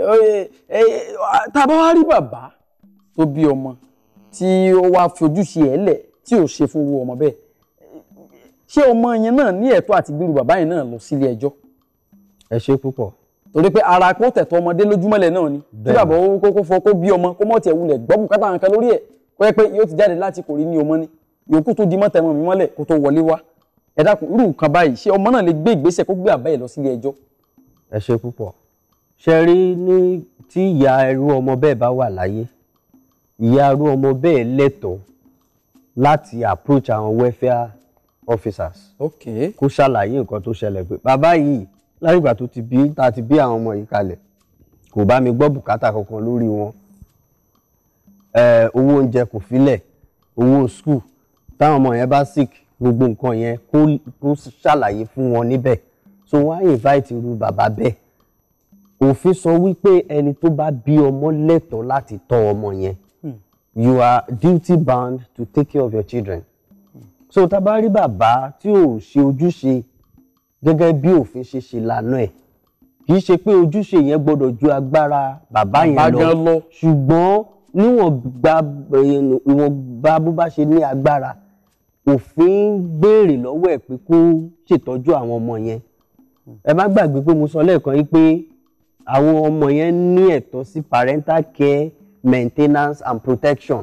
Eh, tá a bá wá rí bàbá tó bí ọmọ tí ó wá fojúṣe ẹ̀ lẹ̀ tí ò ṣe fún irú ọmọ bẹ́ẹ̀ ṣé ọmọ yẹn náà ní ẹ̀tọ́ àti gbèrú bàbá yẹn náà lọ sílé ẹjọ́. ẹ ṣe púpọ̀. torí pé ara kó tẹ̀tọ́ ọmọdé lójúmọ́lẹ̀ náà ni kí bàbá owó kókó fọ kó bí ọmọ kó mọ̀ tiẹ̀ wulẹ̀ gbọ́ bùkátà nǹkan lórí ẹ̀ kó yẹ pé yóò ti jáde láti kò rí ní ọmọ ni yòókù tó di mọ́ tẹ̀mọ́ mi mọ́lẹ̀ kó tó wọlé wá ẹ dákun irú nǹkan báyìí ṣé ọmọ náà lè gbé ìgbésẹ̀ kó gbé bàbá yẹn lọ sílé ẹjọ́. ẹ ṣe púpọ̀ ṣe rí ní tí ìyá irú ọmọ bẹ́ẹ̀ bá wà láyé ìyá irú ọmọ bẹ́ẹ̀ lẹ́tọ̀ọ́ láti approach àwọn welfare officers kó ṣàlàyé nǹkan tó ṣẹlẹ̀ pé bàbá yìí láyìgbà tó ti bí ta ti bí àwọn ọmọ yìí kalẹ̀ kò bá mi gbọ́ bùkátà kankan lórí wọn owó oúnjẹ kò filẹ̀ owó school táwọn ọmọ yẹn bá sick gbogbo nǹkan yẹn kó ṣàlàyé fún wọn níbẹ̀ so wọ́n á invite irú bàbá bẹ́ẹ̀ òfin sọ wípé ẹni tó bá bí ọmọ lẹ́tọ̀ọ́ láti tọ́ ọmọ yẹn hmm. you are duty bound to take care of your children hmm. so tá a bá rí bàbá tí ò ṣe ojúṣe gẹ́gẹ́ bí òfin ṣe ṣe lànà ẹ̀ kì í ṣe pé ojúṣe yẹn gbọ́dọ̀ ju agbára bàbá yẹn lọ ṣùgbọ́n níwọ̀n gba ìwọ̀n gba bó bá ṣe ní agbára òfin béèrè lọ́wọ́ ẹ̀ pé kó ṣètọ́jú àwọn ọmọ yẹn hmm. ẹ má gbàgbé pé mo sọ lẹ́ẹ̀kan yìí pé àwọn ọmọ yẹn ní ẹ̀tọ́ sí parental care maintenance and protection